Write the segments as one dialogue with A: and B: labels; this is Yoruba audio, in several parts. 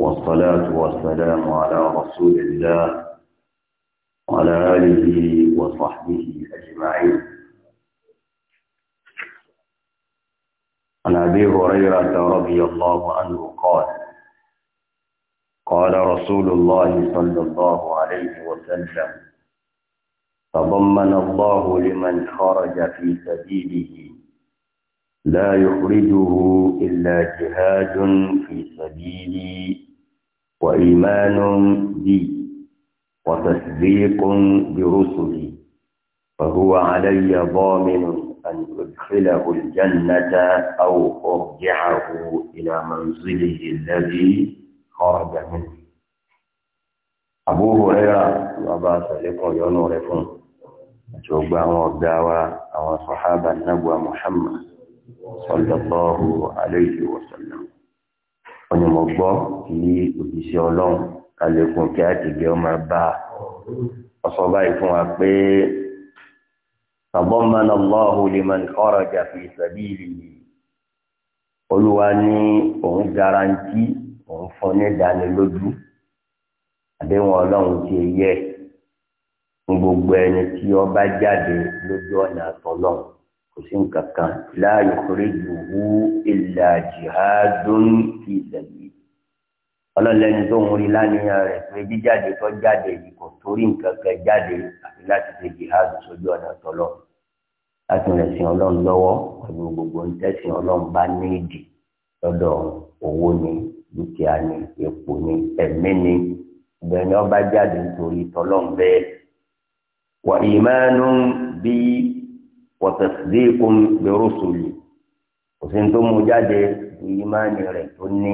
A: والصلاة والسلام على رسول الله وعلى آله وصحبه أجمعين عن أبي هريرة رضي الله عنه قال قال رسول الله صلى الله عليه وسلم تضمن الله لمن خرج في سبيله لا يخرجه إلا جهاد في سبيلي وإيمان بي وتصديق برسلي فهو علي ضامن أن أدخله الجنة أو أرجعه إلى منزله الذي خرج منه أبو هريرة وأبا سليق ينورفون أتوقع أتوب ọ̀gá الدعوة àwọn sọ̀hábà nàbùwà muhammad sallallahu alayhi wa onímọ̀gbọ́ kí òjíṣẹ́ ọlọ́run alẹ́kùn kí àtìgẹ́ ọmọ bá a ọ̀sọ̀ báyìí fún wa pé tàbọ́mọ́nà lọ́hùn liman kharaja fi sabilihi olúwa ní òun garanti òun fún ní ìdánilójú àdéhùn ọlọ́run ti yẹ fún gbogbo ẹni tí ó bá jáde lójú ọ̀nà àtọ́lọ́run kò sí nǹkan kan la yukhrijuhu illa jihadun fi sabilillah ọlọ́lẹ́ni tó ń rí lánìyàn rẹ̀ pé jíjáde tó jáde yìí kò torí nǹkan kan jáde àti láti ṣe jihad sójú ọ̀nà tọ́lọ́ láti rẹ̀ sìn ọlọ́run lọ́wọ́ pẹ̀lú gbogbo ń tẹ̀sìn ọlọ́run bá ní lọ́dọ̀ owó ni dúkìá ni epo ni ẹ̀mí ni ìgbẹ̀ni ọba jáde nítorí tọ́lọ́run bẹ́ẹ̀ wà ìmánú bíi wọ̀tẹ̀sídìkùn bẹ̀rùsùlù kò sí tó mú jáde ìmánì rẹ̀ tó ní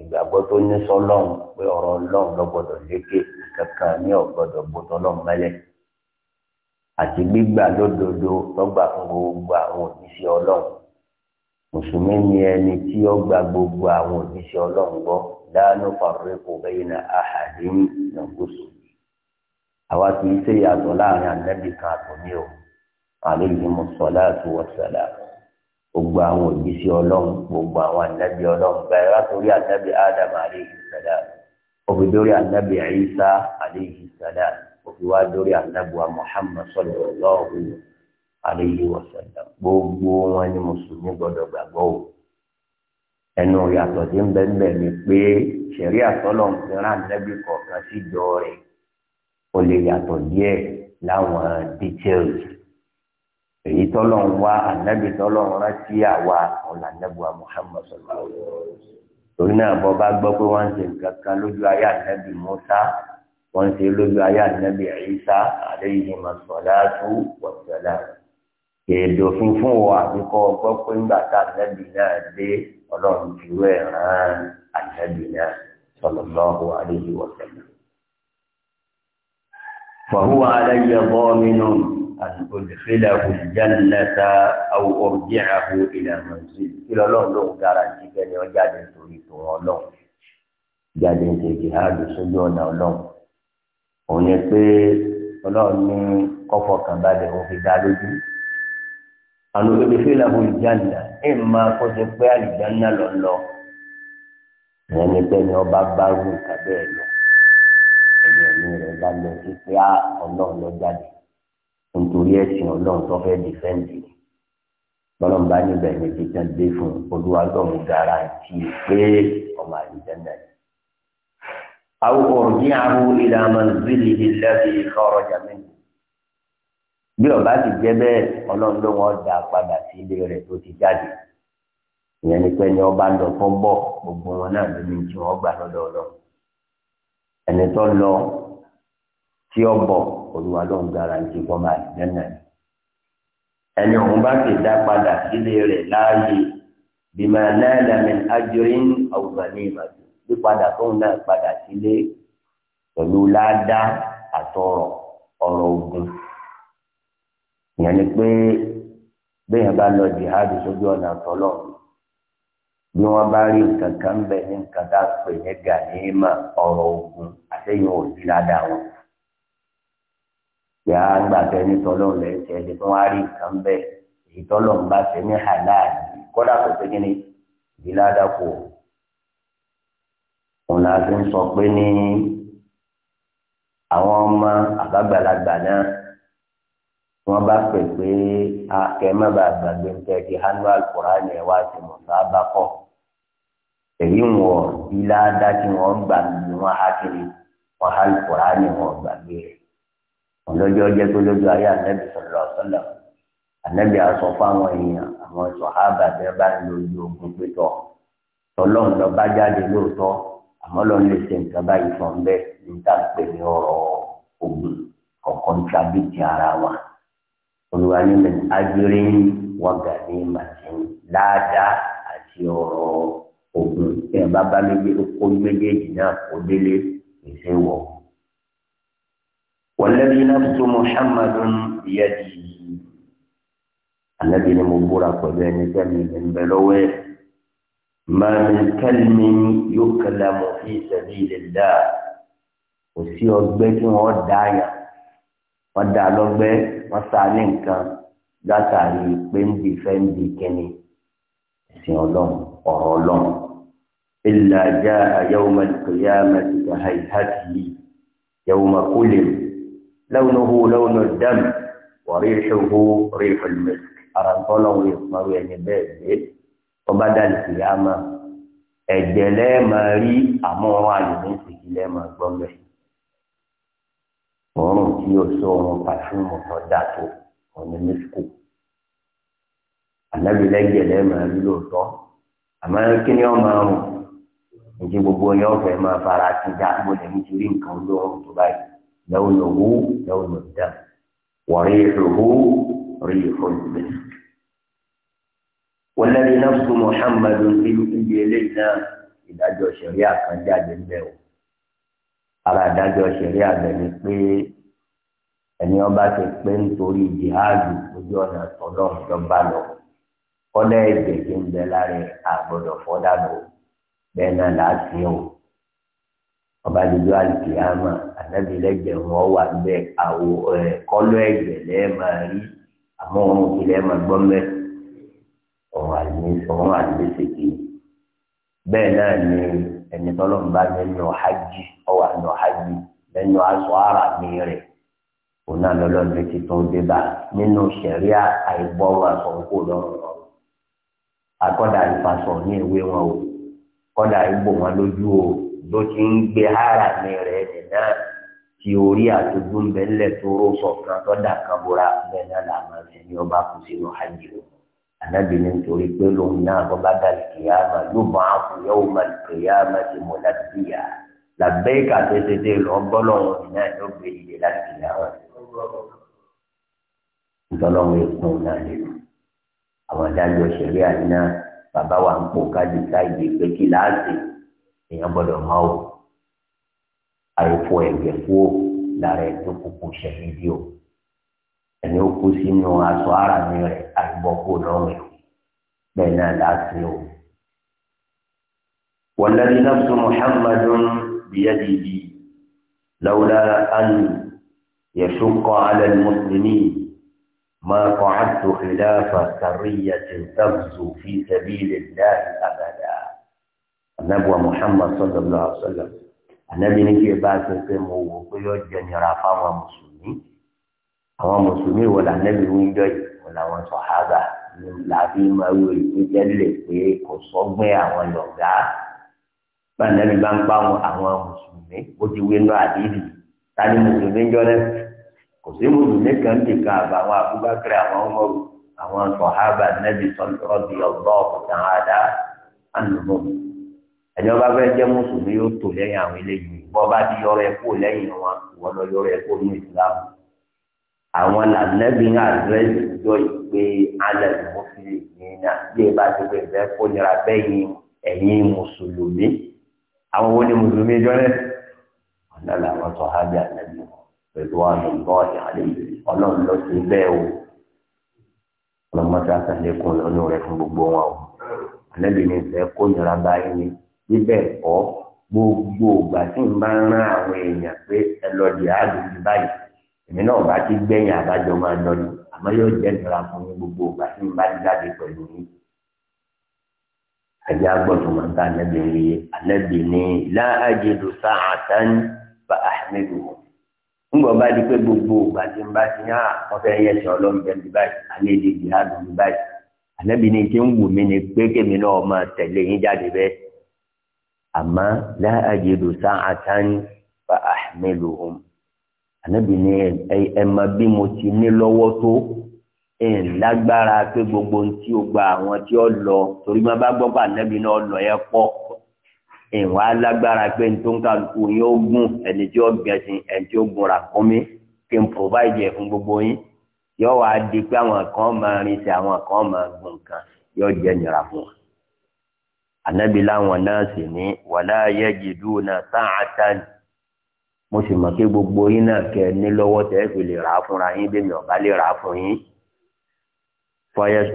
A: ìgbàgbọ́ tó ní sọ́lọ́hún pé ọ̀rọ̀ ọlọ́hún lọ́gbọ́dọ̀ lékè kankan ní ọ̀gbọ́dọ̀ gbọ́dọ̀ ọlọ́hún mẹ́lẹ̀ àti gbígbà lódodo lọ́gbà fún gbogbo àwọn òjíṣẹ́ ọlọ́hún mùsùlùmí ni ẹni tí ó gba gbogbo àwọn òjíṣẹ́ ọlọ́hún gbọ́ dáánù fàrúkù bẹ́yìn àhàdín nàgóso àwa kì í ṣèyàtọ̀ láàrin ànábì kan àtòmí o alayhimu salatu wassalam gbogbo àwọn òjísé ọlọ́run gbogbo àwọn ànábì ọlọ́run bẹ̀rẹ̀ látòrí ànábì adam alayhi salam òfin dórí ànábì Isa alayhi salam òfin wá dórí ànábì wa Muhammad sallallahu alayhi wa sallam gbogbo wọn ni mùsùlùmí gbọdọ̀ gbàgbọ́ o ẹnu yàtọ̀ tí ń bẹ́ẹ̀ ni pé ṣẹ̀rí àtọ́lọ̀ ń fi rán ànábì kọ̀ọ̀kan sí jọ rẹ̀ lè yàtọ̀ díẹ̀ láwọn details èyí tọ́lọ̀ ń wá ànábì tọ́lọ̀ ń rántí àwa ọ̀là ànábùwà Muhammad sọ̀rọ̀ torí náà bọ́ bá gbọ́ pé wọ́n ń ṣe nǹkan kan lójú ayé ànábì Musa wọ́n ń ṣe lójú ayé ànábì Isa alayhi as-salatu was-salam èdò funfun wo àbíkọ́ gbọ́ pé ńgbà tá ànábì náà dé ọlọ́run ti rẹ̀ rán ànábì náà sallallahu alayhi wa sallam. fa huwa alayya dhaminun. أن أدخله الجنة أو أرجعه إلى منزله إلى الله لو garanti kẹ́ni ọ jáde nítorí tó wọn lọ jáde nítorí jihadu sójú ọ̀nà ọlọ́run òun ni pé ọlọ́run ní kọ́fọ̀ kan balẹ̀ òun fi dá lójú àwọn olùdókòwò ìjànà ẹ̀ máa kó ṣe pé àlìjánà lọ lọ ìyẹn ní pé ni ọba bá rú ìka lọ ẹ̀yìn ẹ̀mí rẹ̀ bá lọ sí pé ọlọ́run lọ jáde nítorí ẹ̀sìn ọlọ́run tó fẹ́ dìfẹ́ǹdì lọ́lọ́run bá níbẹ̀ ní títàn dé fún olúwa lọ́run garanti pé ọmọ àdìjẹ́nà yìí. àwọn òrùn àrò ìlànà zili ìlẹ́bi ìkọ́rọ̀ jàmí. bí ọba ti jẹ́ bẹ́ẹ̀ ọlọ́run ló wọ́n dá padà sí ilé rẹ̀ tó ti jáde. ìyẹn ni pé ní ọba lọ fọ́ bọ̀ gbogbo wọn náà ló tí wọ́n gbà lọ́dọ̀ ọlọ́run. ẹni tó lọ tí ó bọ̀ olúwa ló ń garanti kọ́ máa dẹ́nà ẹni òun bá ti dá padà sílé rẹ̀ láàyè bímọ aláìlámi ajírin ọ̀gbọ̀nì ìmàdù bí padà tó ń náà padà sílé pẹ̀lú ládá àtọrọ ọ̀rọ̀ ogun ìyẹn ni pé bẹ́ẹ̀ bá lọ jihadi sójú ọ̀nà àtọ́lọ́ bí wọ́n bá rí nǹkan kan bẹ̀ ní nǹkan tá a pè ní gànímà ọ̀rọ̀ ogun àtẹ̀yìn òjì ládàá wọn pé a gbà tẹ ní tọ́lọ́run lẹ́yìn tẹ ẹni tó wá rí nǹkan bẹ́ẹ̀ èyí tọ́lọ́run bá tẹ ní àláàlì kọ́dà kò pé kíni ìdíládàpọ̀ òun la fi ń sọ pé ní àwọn ọmọ àbágbàlagbà náà wọn bá pè pé akẹ́mọ́ bá gbàgbé ń tẹ́ kí hanu alukurani wá sí musa bá èyí ń wọ̀ ìlàdá tí wọ́n gbàgbé wọn á kiri wọn alukurani wọn gbàgbé rẹ̀ ọlọ́jọ́ jẹ́ pé lójú ayé ànábì sọ̀rọ̀ ọ̀sọ́lọ̀ ànábì aṣọ fáwọn èèyàn àwọn sọ̀hábà bẹ́ẹ̀ bá ń lo ojú ogun pétọ́ tọ́lọ́run lọ bá jáde lóòótọ́ àmọ́ lọ́n lè ṣe nǹkan báyìí fún un bẹ́ẹ̀ ní táǹpé ní ọ̀rọ̀ ogun kọ̀ọ̀kan tí a bí ti ara wa olùwà ní mẹ́ni wọn gà ní màsín dáadáa àti ọ̀rọ̀ ogun ẹ̀ bá bá méjèèjì náà kó délé ìṣèwọ̀. والذي نفس محمد بيده الذي مبورا قدان كمي من بلوه ما من كلم يكلم في سبيل الله وسي ọgbẹ́ tí wọ́n dá yàn wọ́n dá lọ́gbẹ́ wọ́n sáré nǹkan látàrí pé إلا جاء يوم القيامة كهيئته يوم كلم لونه لون الدم وريحه ريح المسك أرانطوله يسمعوا يعني بيه وبدأ القيامة ẹ̀jẹ̀lẹ́ máa rí àmọ́ ọ̀rọ̀ àyẹ̀wò ìsìnkìlẹ̀ máa gbọ́ mẹ́. òórùn tí yóò sọ ohun pàṣẹmù tó dà tó ọ̀nà mẹ́sìkò. ànábìlẹ̀ ẹ̀jẹ̀lẹ́ máa rí lóòótọ́ àmọ́ kí ni wọ́n máa rùn ìdí gbogbo yẹn ọ̀fẹ́ máa fara ti dá gbọ́dọ̀ nítorí nǹkan olóòórùn tó báyìí. لونه لون الدم وريحه ريح المسك والذي نفس محمد في إلينا ìdájọ́ ṣẹ̀ríà kan jáde ńbẹ̀ o ara ìdájọ́ ṣẹ̀ríà bẹ̀ ni pé ẹni ọba ti pé nítorí jihadu ojú ọ̀nà tọ́lọ́ ìjọba lọ kọ́dà ẹ̀jẹ̀ tí ń bẹ lára àgbọ̀dọ̀ fọ́dà lọ bẹ́ẹ̀ náà láti ń wò ọba dodo alikiyama anabi lẹgbẹ wọn wà bẹ awo ẹ kọlọ ẹgbẹ lẹ máa rí àmọ́ òun kì lẹ máa gbọ́ mẹ ọ̀rọ̀ àdìsẹ ọ̀rọ̀ àdìsẹ kì í bẹ́ẹ̀ náà ni ẹni tọlọmù bá nínú hajj ọwà nínú hajj nínú aṣọ ara mi rẹ òun náà lọ lọ́dún létí tó dé bá nínú sẹríà àìgbọràn aṣọ òkú lọ́rùn lọ́rùn akọdà ìfàsọ ní ìwé wọn o kọdà ìbò wọn lójú o bó ti ń gbé ara mi rẹ̀ nìyà tí orí àtúgbò ń bẹ ńlẹ̀ tó rò sọ̀kan tó dà kan bóra bẹ́ẹ̀ náà là máa fi ní ọba kù sínú hajj o ànábì ní nítorí pé lòun náà bọ́bá dàlí kìyàmà yóò bọ́ àkùn yóò má kìyàmà ti mọ̀ láti bíyà làbẹ́ ìka tètè lọ bọ́lọ́run ní náà yóò gbé ìdè láti kìyàmà. ìtọ́lọ́run ìkún náà nínú àwọn adájọ́ ṣẹ̀rí àná bàbá wa ń pò káàdì káàdì pé kí láàṣì. èèyàn gbọ́dọ̀ mọ̀ o àròpọ̀ ẹ̀gbẹ́ fún o lára ẹ̀ tó kúkú ṣẹ̀mí bí o ẹni ó kú si sínú aṣọ ara mi rẹ̀ ku àgbọ̀kú lọ́wọ́ ẹ̀ bẹ́ẹ̀ náà si o. والذي نفس محمد بيده لولا أن يشق على المسلمين ما قعدت خلاف سرية تغزو في سبيل الله أبدا anabiwa muhammad sallallahu alaihi wa sallam anabi ní kí ẹ bá ṣe pé mo wò pé yóò jẹ nira fáwọn mùsùlùmí àwọn mùsùlùmí wò lànàbí wíńdọ yìí wò làwọn sọhábà làbí máa wò ìpínjẹ lè pé kò sọgbẹ àwọn yọgá bá anabi bá ń pa àwọn mùsùlùmí bó ti wé náà àdìrí tani mùsùlùmí ń jọlẹ kò sí mùsùlùmí kan ti ka àbá àwọn abubakar àwọn ọmọrù àwọn sọhábà anabi sọlọ ọdí ọgbọ ọkùnrin àdá ànàmọ ẹni ọba fẹ́ jẹ́ mùsùlùmí yóò tò lẹ́yìn àwọn eléyìí bọ́ bá ti yọrọ ẹ kó lẹ́yìn wọn wọ́n lọ yọrọ ẹ kó ní ìsìlámù àwọn lànàbí ń àdírẹ́sì jọ ìpè alẹ́ mùsùlùmí nínú àbíyẹ bá ti pè fẹ́ kó nira bẹ́yìn ẹ̀yìn mùsùlùmí àwọn wo ni mùsùlùmí jọ rẹ̀ ọ̀nà làwọn sọ hábẹ́ ànábì pẹ̀lú àwọn bọ́ọ̀lì àlejò ọlọ́run lọ sí bẹ́ẹ̀ o ọlọ́mọdé àtàlẹ́kùn lọ́nà rẹ̀ fún gbogbo wọn o ànábì ní ìfẹ́ kó nira báyìí bíbẹ̀ ọ́ gbogbo ìgbà tí n bá rán àwọn èèyàn pé ẹ lọ di àádùn báyìí èmi náà bá ti gbẹ̀yìn àbájọ máa lọ ni àmọ́ yóò jẹ́ nira fún mi gbogbo ìgbà tí n bá jáde pẹ̀lú yín. ẹ̀jẹ̀ agbọ́dọ̀ máa ń ta ànábì ń yé ànábì ní láàjẹdù sàátán bá àhmẹ́dù wọn. ńgbọ́ bá di pé gbogbo ìgbà tí n bá ti yá wọ́n fẹ́ ṣe ọlọ́mọdé bí báyìí àlejò di àádùn báyìí ànábì ní kí ń wù mí ni pé kémi náà máa tẹ̀lé yín jáde bẹ́ẹ̀ àmọ́ láàjẹdù sáàtàn fa ahmiluhum ànábì ní ẹ mọ bí mo ti ní lọ́wọ́ tó ẹ ń lágbára pé gbogbo ohun tí ó gba àwọn tí ó lọ torí má bá gbọ́ pé ànábì náà lọ ẹ pọ̀ ẹ ń wá lágbára pé ní tó ń kálukú yín ó gùn ẹni tí ó gbẹ̀sìn ẹni tí ó gunra fún mi kí n provide ẹ̀ fún gbogbo yín yọ wá di pé àwọn kan máa rin àwọn kan máa gùn kan yọ jẹ́ nira fún wa ànábi láwọn náà sì ní wàlá yajiduna sa'atan mo sì mọ̀ pé gbogbo yín náà kẹ́ ẹ ní lọ́wọ́ tẹ́ ẹ fi lè rà á fúnra yín bẹ́ẹ̀ mi ò bá lè rà á fún yín.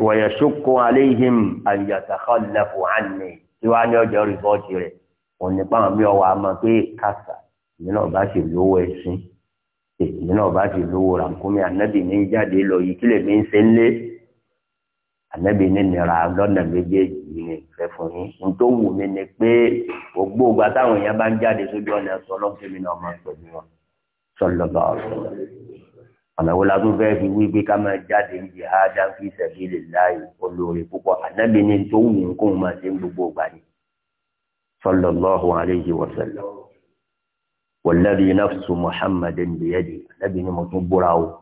A: wayashukku alayhim an yatakhallafu anni tí wàá ní ọjọ́ rìpọ́ọ̀tì rẹ̀ òun nípa àwọn mi ọwọ́ àmọ́ pé kàṣà èmi náà bá sì lówó ẹṣin èmi náà bá sì lówó rànkúnmí ànábì ní jáde lọ yìí kí lèmi ń ṣe ń lé ànábì ní nira lọ́nà méjèèjì ní ìfẹ́ fún yín ní tó wù mí ni pé gbogbo ìgbà táwọn èèyàn bá ń jáde sójú ọ̀nà ẹ̀sọ́ ọlọ́kùnrin mi náà máa ń pẹ̀lú wọn sọlọ bá ọ̀sọ̀ ọ̀nà wo la tún fẹ́ fi wí pé ká máa jáde ní jihadan fi sabilillahi olóore púpọ̀ ànábì ní tó wù mí kóun máa ṣe ń gbogbo ìgbà ni sọlọ lọ́hùn alayhi wa sallam wallazi nafsu muhammadin biyadi ànábì ní mo tún búra o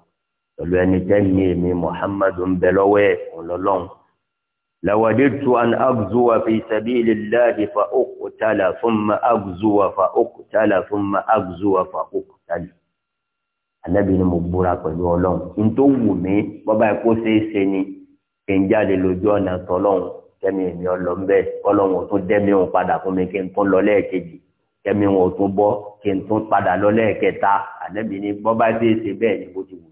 A: pẹ̀lú ẹni tẹ́mi èmi muhammadu ń bẹ lọ́wọ́ ẹ̀ ńlọ́lọ́n lawadidtu an aghzuwa fi sabilillahi fa uqtala thumma aghzuwa fa uqtala thumma aghzuwa fa uqtala anabi ni mo búra pẹ̀lú ọlọ́run n tó wù mí bọ́bá ẹ̀ kó ni kí n jáde lójú ọ̀nà tọ́lọ́run kẹ́mi èmi ọlọ́ ń bẹ́ẹ̀ kọ́lọ́run ò tún dẹ́mi òun padà fún mi kí n tún lọ lẹ́ẹ̀kejì kẹ́mi òun ò tún bọ́ kí n tún padà lọ lẹ́ẹ̀kẹta anabi ni bọ́bá ṣeé bẹ́ẹ̀ ni mo ti wù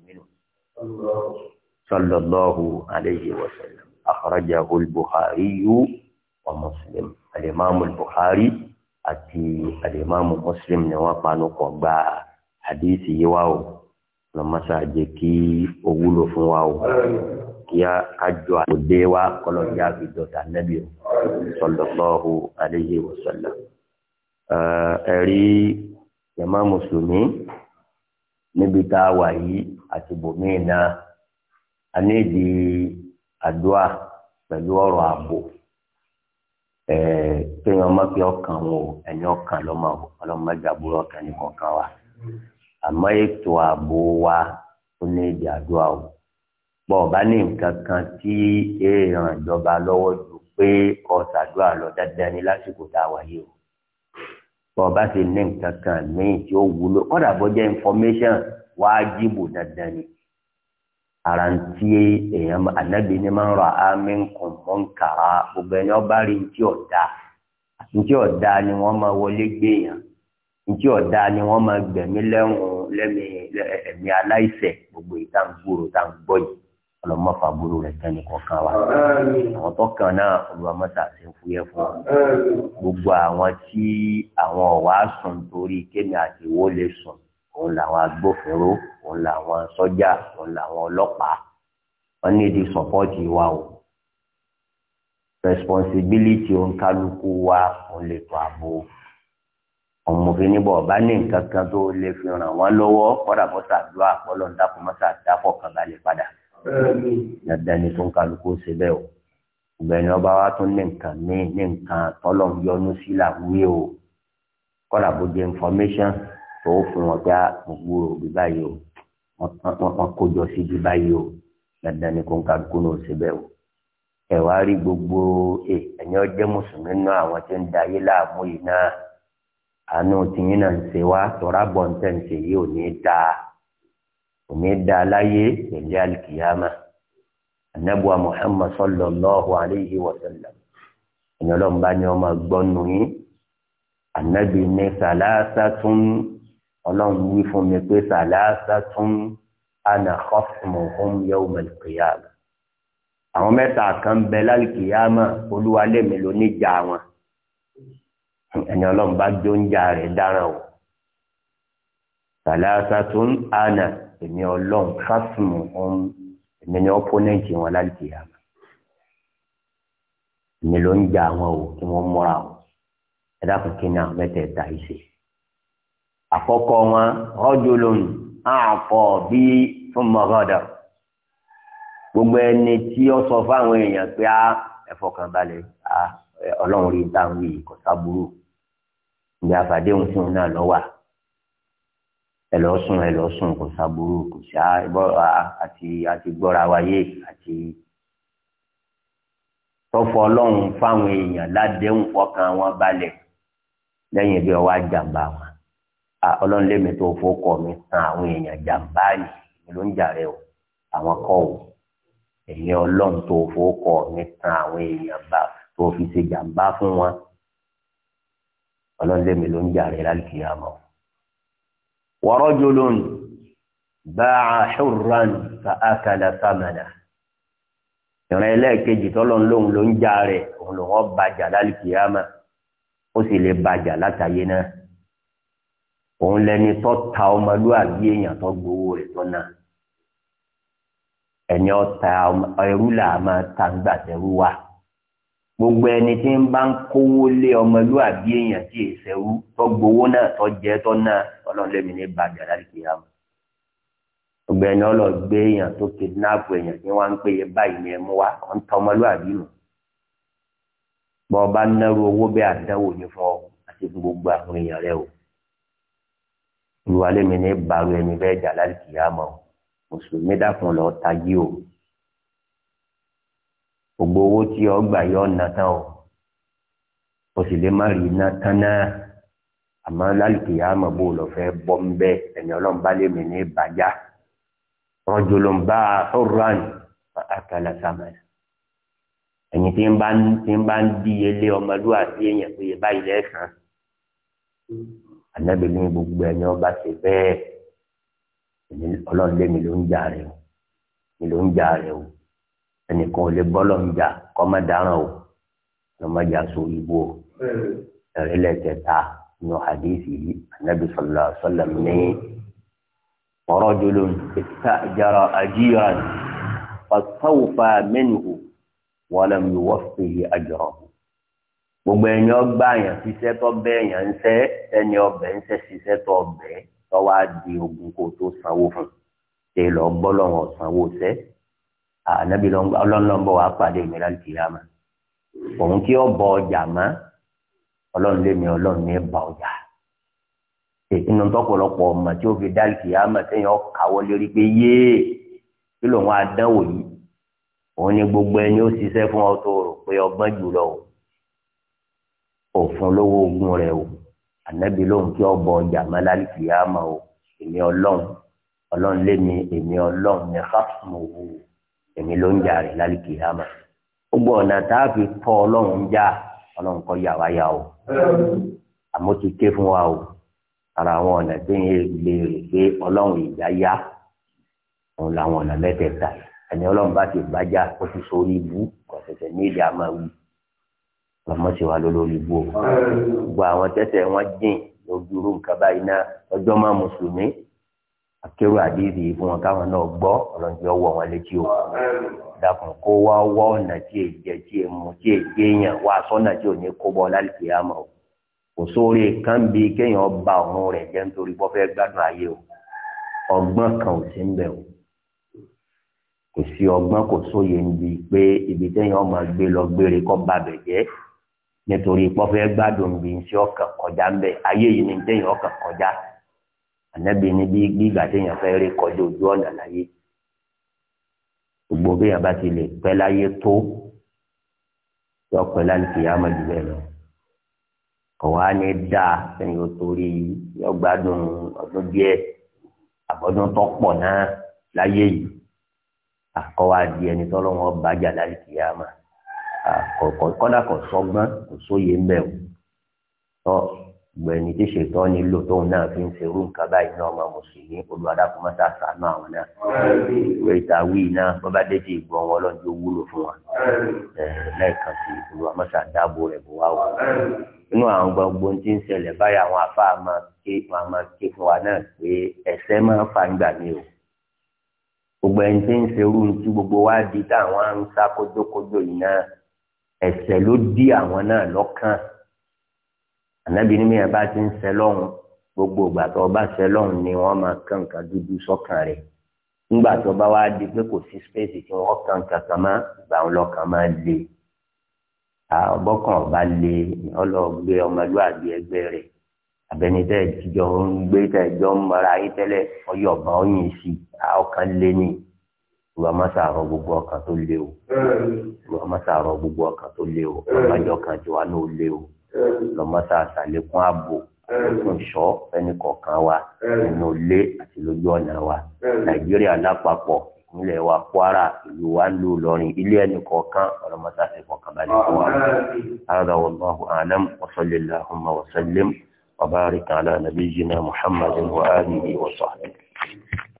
A: صلى الله عليه وسلم أخرجه البخاري ومسلم الإمام البخاري أتي الإمام مسلم نوافع نقبع حديثي واو lọmọ sàdé kí o wúlò fún wa o kí a kájọ àgbòdé wa kọlọ kí a fi dọta nẹbi o sallallahu alaihi wa sallam ẹrí jama mùsùlùmí níbi tá a wà yìí àti bòmíì náà a ní ìdí àdúrà pẹ̀lú ọ̀rọ̀ ààbò kéèyàn má fi ọkàn wọn ẹni ọkàn ọlọ́mọdé ọkàn nìkan kan wa àmọ́ ètò ààbò wa ó ní ìdí àdúrà o bọ́ ọ̀bá ní nǹkan kan tí èèyàn ìjọba lọ́wọ́ ju pé ọ̀sàdúrà lọ dáadáa ní lásìkò tá a wà yìí o. bọ́ọ̀ bá ti ní nǹkan kan míì tí ó wúlò kọ́dà bó jẹ́ information wájibù dandan ni ara ń tí èèyàn ànábì ní máa ń nǹkan mọ́ ń kàrà ọba rí ntí ọ̀dà ntí ọ̀dà ni wọ́n máa wọlé gbé yàn ntí ọ̀dà ni wọ́n máa gbẹ̀mí lẹ́hùn ẹ̀mí gbogbo ọlọmọ fàbúrò rẹ tán ní kọkàn wa àwọn tó kàn náà olùwàmọta ṣe ń fúyẹ́ fún wa gbogbo àwọn tí àwọn ọwà sùn torí kémi àti ìwó lè sùn òun làwọn agbófinró òun làwọn sọ́jà òun làwọn ọlọ́pàá wọn ní di sọpọtì wa o responsibility òǹkálukú wa òun lè tó ààbò ọmọbìnrin níbọ̀ ọba ní nǹkan kan tó lè fi ràn wọ́n lọ́wọ́ kọ́dà bọ́sà dúró àpọ́lọ́ ń dákun mọ́sà padà dandan ni tó ń kálukú ṣe bẹ́ẹ̀ o ìgbẹ̀ni ọba wa tún ní nǹkan ní ní nǹkan tọ́lọ̀ ń yọnu sí làwúyé o kọ́lá bó di information tó fún wọn pé gbogbo òbí báyìí o wọn kójọ síbi báyìí o dandan ni kó ń kálukú náà ṣe bẹ́ẹ̀ o ẹ wá rí gbogbo ẹ̀yin ọjọ́ mùsùlùmí náà àwọn tí ń da ayé láàmú yìí náà àánú tìyín náà ń ṣe wá tọ́ra bọ̀ ń tẹ̀ ń ṣe yìí ò ní dáa òní da láyé pẹ̀lú alikiyama anabuwa muhammad sallallahu alayhi wa sallam ìyọlọ́n bá ní ọmọ gbọ́nù yín anabi ní sàlásà tún ọlọ́run wí fún mi pé sàlásà tún ana khasmuhum yawm al-qiyama àwọn mẹ́ta kan bẹ lálikiyama olúwa lèmi níjà wọn ẹni jó ń jà rẹ̀ dáràn o sàlàsà tó ana ànà èmi ọlọ́run kásìmù ọ̀hún èmi ni ọ́pọ́nẹ́ǹtì wọn láti yàrá èmi ló ń ja àwọn o kí wọ́n múra o ẹ dákun kí ni àwọn mẹ́tẹ̀ẹ̀ta yìí ṣe. àkọ́kọ́ wọn rajulun àpọ̀ bí fún mọ́gàdà gbogbo ẹni tí ó sọ fáwọn èèyàn pé a ah, ẹ̀fọ́kànbalẹ̀ a ah, ọlọ́run rí dáhùn yìí kọ́sá burú ìgbà àfàdéhùn sí òun náà lọ́wọ́ à ẹ lọ sùn ẹ lọ sùn kò sábúrú kò sí àti àti gbọ́ra wáyé àti tọ́fọ́ ọlọ́run fáwọn èèyàn ládéhùn fọkàn wọn balẹ̀ lẹ́yìn bí ọwọ́ àjàmbá wọn ọlọ́run lèmi tó fọkọ̀ mi tan àwọn èèyàn jàmbá yìí ló ń jà rẹ o àwọn kọ́ o èmi ọlọ́run tó fọkọ̀ mi tan àwọn èèyàn bá tó fi ṣe jàmbá fún wọn ọlọ́run lèmi ló ń jà rẹ lálùkìyàmọ́ o. ورجل باع ba'a فأكل ثمنه. akala thamana ìran ẹlẹ́ẹ̀kejì tọ́lọ́ lóhun ló ń já rẹ̀ òun ló wọ́n bàjà lálùkìyàmà ó sì lè bàjà látàyé náà òun lẹni tó ta ọmọlúwàbí èèyàn tó gbowó rẹ̀ tó náà ẹni ọta ẹrú là máa ta ń gbàtẹ́rú wa gbogbo ẹni tí ń bá ń kówó lé ọmọlúwàbí èèyàn tí èsẹ̀rú tó gbowó náà tó jẹ́ tó náà ọlọ́run lèmi ní bàjẹ́ àdáríkì yà mọ́ ọgbẹ́ni ọlọ́gbé èèyàn tó kidnap èèyàn ní wọ́n ń pè é báyìí ni ẹ mú wa ọ̀ ń tọ́ ọmọlúwàbí nù bọ́ ọ bá nẹ́rù owó bẹ́ẹ̀ àdánwò ní fún ọ àti fún gbogbo àwọn èèyàn rẹ o olúwa lèmi ní bàrù ẹni bẹ́ẹ̀ jà àdáríkì yà mọ́ mùsùlùmí dákun lọ tají o gbogbo owó tí ọ gbà yọ ọ̀nà tán o o sì lè má rí iná tán náà àmọ́ lálùkìyàmọ̀ bó lọ fẹ́ bọ́ ń bẹ́ ẹ̀mí ọlọ́run bá lè mí ní bàjá rọjòlón bá a ọ̀ràn àkàlà sàmàlà ẹ̀yìn tí ń bá ń tí ń bá ń díyelé ọmọlúwàbí èèyàn pé yẹ báyìí lẹ́sàn-án ànábì ní gbogbo ẹni ọba ṣe bẹ́ẹ̀ ọlọ́run lé mi ló ń jà rẹ̀ o mi ló ń jà rẹ̀ o ẹnìkan ò lè bọ́lọ̀ ń jà kọ́ má dáràn o ọmọ jà so ìbò ẹ̀rẹ́lẹ̀ kẹta nù hadisi yìí anabi sallallahu alaihi wasallam ní rajulun istajara ajiran fastawfa minhu wa lam yuwaffihi ajrahu gbogbo ẹni ọgbà yẹn ṣiṣẹ́ tó bẹ́ẹ̀ yẹn ń ṣe ẹni ọbẹ̀ ń ṣe ṣiṣẹ́ tó bẹ́ẹ̀ tó wá di ogun kó tó sanwó fún ṣe lọ gbọ́ lọ́wọ́ sanwó ṣẹ́ ànábi ọlọ́nlọ́bọ̀ wàá pàdé ìmìlá kìlámà òun kí ọ bọ ọjà mọ́ ọlọ́run lémi ọlọ́run ní bá ọjà inú tọ̀pọ̀lọpọ̀ ọmọ tí ó fi dálìkì àmọ́ sẹ́yìn ọkàwọ lérí pé yéé kí lòun adánwò yìí òun ni gbogbo ẹni ó ṣiṣẹ́ fún ọ tó rò pé ọgbọ́n jùlọ o òfun lówó ogun rẹ o ànábi lóhun kí ọbọ ọjà má dálìkì àmọ́ o èmi ọlọ́run ọlọ́run lémi èmi ọlọ́run ní fásitì èmi ló ń jà rẹ dálìkì àmọ́ gbogbo ọ̀nà tá a fi tọ́ ọlọ́run já ọlọ́run kọ́ yà wá yà o àmọ́ ti ké fún wa o ara àwọn ọ̀nà tí yẹn lè rè pé ọlọ́run ìjà yá òun làwọn ọ̀nà mẹ́tẹ̀ẹ̀ta ẹni ọlọ́run bá ti bájá ó ti so orí ibú ọ̀sẹ̀sẹ̀ ní èdè àmàwí ọmọ sì wà lólórí ibú o gbogbo àwọn tẹ́tẹ̀ wọn jìn lójú irú nǹkan náà ọjọ́ máa mùsùlùmí akérò àdéhìí yìí fún wọn káwọn náà gbọ́ ọlọ́njẹ́ ọwọ́ wọn létí o dàkùn kó wá wọ́ ọ̀nà tí èyí jẹ tí èyí mu tí èyí gbéyàn wá sọ́nà tí ò ní kó bọ́ lálùkì àmọ́ o kò sóore kan bíi kéèyàn ba ọ̀run rẹ̀ jẹ́ nítorí bọ́ fẹ́ gbádùn ayé o ọgbọ́n kan ò sí ń bẹ̀ o kò sí ọgbọ́n kò sóye níbi pé ibi téèyàn máa gbé lọ gbére kọ́ ba bẹ̀ jẹ́ nítorí bọ́ fẹ́ gbádùn bíi iṣẹ́ ọkàn kọjá ń bẹ̀ ayé yìí ni téèyàn ọkàn kọjá ànábì ní bí gbígbà téèyàn fẹ́ rí kọjá ojú ọ̀nà láyé gbogbo bí yàrá ti lè pẹ́ láyé tó yọ pẹ́ láti fi àmọ́ jù bẹ́ẹ̀ lọ ọ̀wá ni dáa sẹ́yìn ó torí yọ gbádùn ọdún díẹ̀ àbọ̀dún tó pọ̀ náà láyé yìí àkọ́wá di ẹni tọ́lọ́wọ́n bàjá láti fi àmọ́ kọ́dà kò sọ́gbọ́n kò sóye ń bẹ̀ o gbẹ̀ni tí ṣètọ́ nílò tóun náà fi ń ṣerú nǹkan báyìí náà ọmọ mùsùlùmí olùwàdàkùnmọ́sá sànú àwọn náà ìwé ìtawí náà bọ́bá dédé ìgbọ́ wọn lọ́jọ́ wúlò fún wa lẹ́ẹ̀kan sí olùwàmọ́sá dáàbò rẹ̀ bò wá wọ̀ inú àwọn gbogbo tí ń ṣẹlẹ̀ báyìí àwọn afá máa ké fún wa náà pé ẹ̀ṣẹ̀ máa ń fa ìgbà mi o gbogbo ẹni tí ń ṣerú tí gbogbo wa di táwọn ń sá kójókójó yìí ànábì ní mìíràn bá ti ń sẹ lọ́hùn gbogbo ìgbà tó o bá sẹ lọ́hùn ni wọ́n máa kàn kan dúdú sọ́kàn rẹ̀ nígbà tó bá wá di pé kò sí space tí wọ́n kàn kankan mọ́ ìgbà wọn lọ́kàn máa le ọbọ̀kan ọba le ọlọ́ọ̀gbé ọmọlúwàbí ẹgbẹ́ rẹ̀ abẹni tẹ jọ ń gbé tẹ jọ ń mara ayé tẹ́lẹ̀ ọyọ̀gbọ́n ọyìn sí ọkàn lé ní ìwà mọ́sàárọ̀ gbogbo ọkàn tó lé o ìwà mọ́sàárọ̀ gbogbo ọkàn tó lé o ọmọdé ọkàn tiwa náà lé o lọ́mọ́sá àṣàlékún ààbò àlékún ìṣọ́ ẹnì kọ̀ọ̀kan wa nínú ilé àti lójú ọ̀nà wa nàìjíríà lápapọ̀ ìpínlẹ̀ wa kwara ìlú wa lù lọ́rin ilé ẹnì kọ̀ọ̀kan ọlọ́mọ́sá àti ìfọ̀kànbalẹ̀ fún wa. هذا والله أعلم وصل اللهم وسلم وبارك على نبينا محمد وآله وصحبه